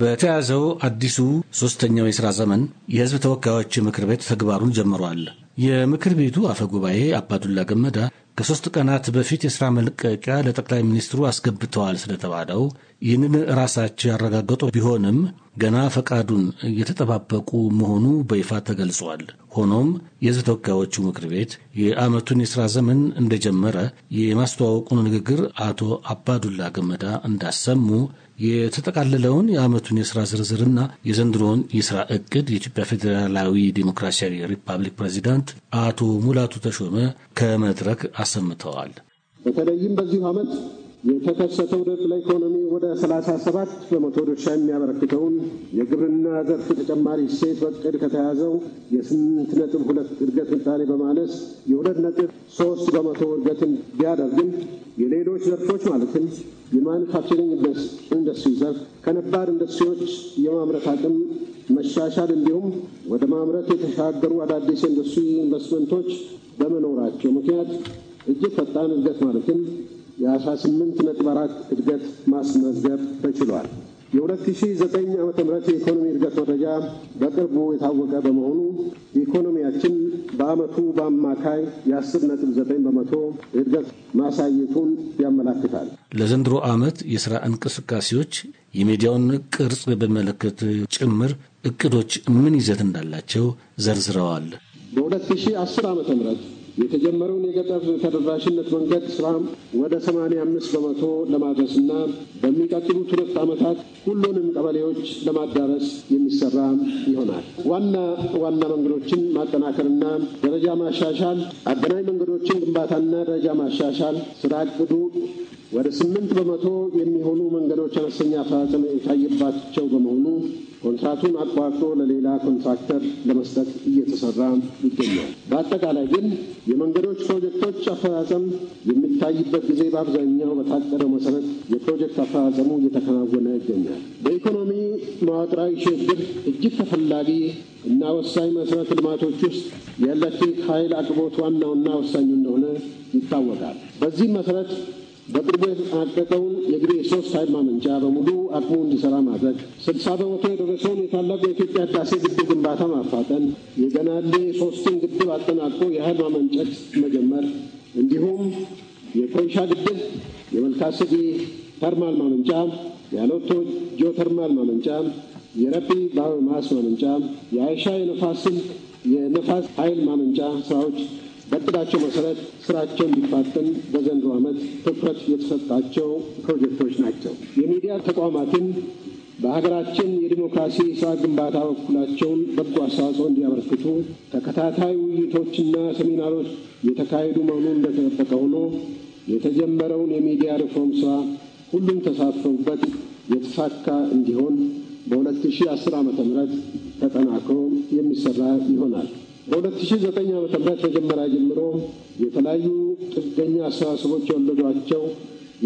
በተያዘው አዲሱ ሶስተኛው የሥራ ዘመን የሕዝብ ተወካዮች ምክር ቤት ተግባሩን ጀምሯል። የምክር ቤቱ አፈ ጉባኤ አባዱላ ገመዳ ከሦስት ቀናት በፊት የሥራ መልቀቂያ ለጠቅላይ ሚኒስትሩ አስገብተዋል ስለተባለው ይህንን ራሳቸው ያረጋገጡ ቢሆንም ገና ፈቃዱን እየተጠባበቁ መሆኑ በይፋ ተገልጿል። ሆኖም የሕዝብ ተወካዮቹ ምክር ቤት የዓመቱን የሥራ ዘመን እንደጀመረ የማስተዋወቁን ንግግር አቶ አባዱላ ገመዳ እንዳሰሙ የተጠቃለለውን የዓመቱን የሥራ ዝርዝርና የዘንድሮውን የሥራ ዕቅድ የኢትዮጵያ ፌዴራላዊ ዴሞክራሲያዊ ሪፐብሊክ ፕሬዚዳንት አቶ ሙላቱ ተሾመ ከመድረክ አሰምተዋል። በተለይም በዚሁ ዓመት የተከሰተው ድርቅ ለኢኮኖሚ ወደ 37 በመቶ ድርሻ የሚያበረክተውን የግብርና ዘርፍ ተጨማሪ እሴት በቅድ ከተያዘው የ8 ነጥብ ሁለት እድገት ምጣኔ በማነስ የ2 ነጥብ 3 በመቶ እድገትን ቢያደርግም የሌሎች ዘርፎች ማለትም የማኑፋክቸሪንግ ኢንዱስትሪ ዘርፍ ከነባር ኢንዱስትሪዎች የማምረት አቅም መሻሻል እንዲሁም ወደ ማምረት የተሻገሩ አዳዲስ ኢንዱስትሪ ኢንቨስትመንቶች በመኖራቸው ምክንያት እጅግ ፈጣን እድገት ማለትም የ18.4 እድገት ማስመዝገብ ተችሏል። የ2009 ም የኢኮኖሚ እድገት መረጃ በቅርቡ የታወቀ በመሆኑ ኢኮኖሚያችን በዓመቱ በአማካይ የ 9 በመቶ እድገት ማሳየቱን ያመላክታል። ለዘንድሮ ዓመት የሥራ እንቅስቃሴዎች የሚዲያውን ቅርጽ በመለከት ጭምር እቅዶች ምን ይዘት እንዳላቸው ዘርዝረዋል። በ2010 ም የተጀመረውን የገጠር ተደራሽነት መንገድ ስራ ወደ 85 አምስት በመቶ ለማድረስና በሚቀጥሉት ሁለት ዓመታት ሁሉንም ቀበሌዎች ለማዳረስ የሚሰራ ይሆናል። ዋና ዋና መንገዶችን ማጠናከርና ደረጃ ማሻሻል፣ አገናኝ መንገዶችን ግንባታና ደረጃ ማሻሻል ስራ እቅዱ ወደ ስምንት በመቶ የሚሆኑ መንገዶች አነስተኛ አፈጻጸም የታየባቸው በመሆኑ ኮንትራቱን አቋርጦ ለሌላ ኮንትራክተር ለመስጠት እየተሰራ ይገኛል። በአጠቃላይ ግን የመንገዶች ፕሮጀክቶች አፈጻጸም የሚታይበት ጊዜ በአብዛኛው በታቀደው መሰረት የፕሮጀክት አፈጻጸሙ እየተከናወነ ይገኛል። በኢኮኖሚ መዋቅራዊ ሽግግር እጅግ ተፈላጊ እና ወሳኝ መሰረተ ልማቶች ውስጥ የኤሌክትሪክ ኃይል አቅርቦት ዋናውና ወሳኙ እንደሆነ ይታወቃል። በዚህም መሰረት በቅርቡ የተጠናቀቀውን የግሬ ሶስት ኃይል ማመንጫ በሙሉ አቅሙ እንዲሰራ ማድረግ፣ ስልሳ በመቶ የደረሰውን የታላቁ የኢትዮጵያ ህዳሴ ግድብ ግንባታ ማፋጠን፣ የገናሌ ሶስትን ግድብ አጠናቆ የኃይል ማመንጨት መጀመር፣ እንዲሁም የኮይሻ ግድብ፣ የመልካስዲ ተርማል ማመንጫ፣ የአለቶ ጂኦተርማል ማመንጫ፣ የረቢ ባዮማስ ማመንጫ፣ የአይሻ የነፋስን የነፋስ ኃይል ማመንጫ ስራዎች በእቅዳቸው መሰረት ስራቸው እንዲፋጠን በዘንድሮ ዓመት ትኩረት የተሰጣቸው ፕሮጀክቶች ናቸው። የሚዲያ ተቋማትን በሀገራችን የዲሞክራሲ ስርዓት ግንባታ በኩላቸውን በጎ አስተዋጽኦ እንዲያበረክቱ ተከታታይ ውይይቶችና ሴሚናሮች የተካሄዱ መሆኑ እንደተጠበቀ ሆኖ የተጀመረውን የሚዲያ ሪፎርም ስራ ሁሉም ተሳትፈውበት የተሳካ እንዲሆን በ2010 ዓ ም ተጠናክሮ የሚሰራ ይሆናል። በ2009 ዓ ም መጀመሪያ ጀምሮ የተለያዩ ጥገኛ አስተሳሰቦች የወለዷቸው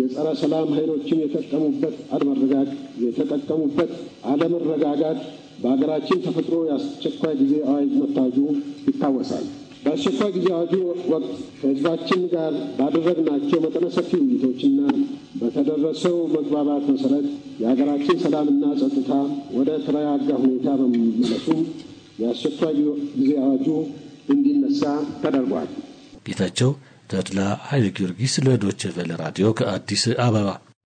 የጸረ ሰላም ኃይሎችን የጠቀሙበት አለመረጋግ የተጠቀሙበት አለመረጋጋት በሀገራችን ተፈጥሮ የአስቸኳይ ጊዜ አዋጅ መታጁ ይታወሳል። በአስቸኳይ ጊዜ አዋጁ ወቅት ከህዝባችን ጋር ባደረግናቸው መጠነ ሰፊ ውይይቶችና በተደረሰው መግባባት መሰረት የሀገራችን ሰላምና ጸጥታ ወደ ተረጋጋ ሁኔታ በመመለሱ የአስቸኳይ ጊዜ አዋጁ እንዲነሳ ተደርጓል። ጌታቸው ተድላ ኃይለ ጊዮርጊስ ለዶይቼ ቬለ ራዲዮ ከአዲስ አበባ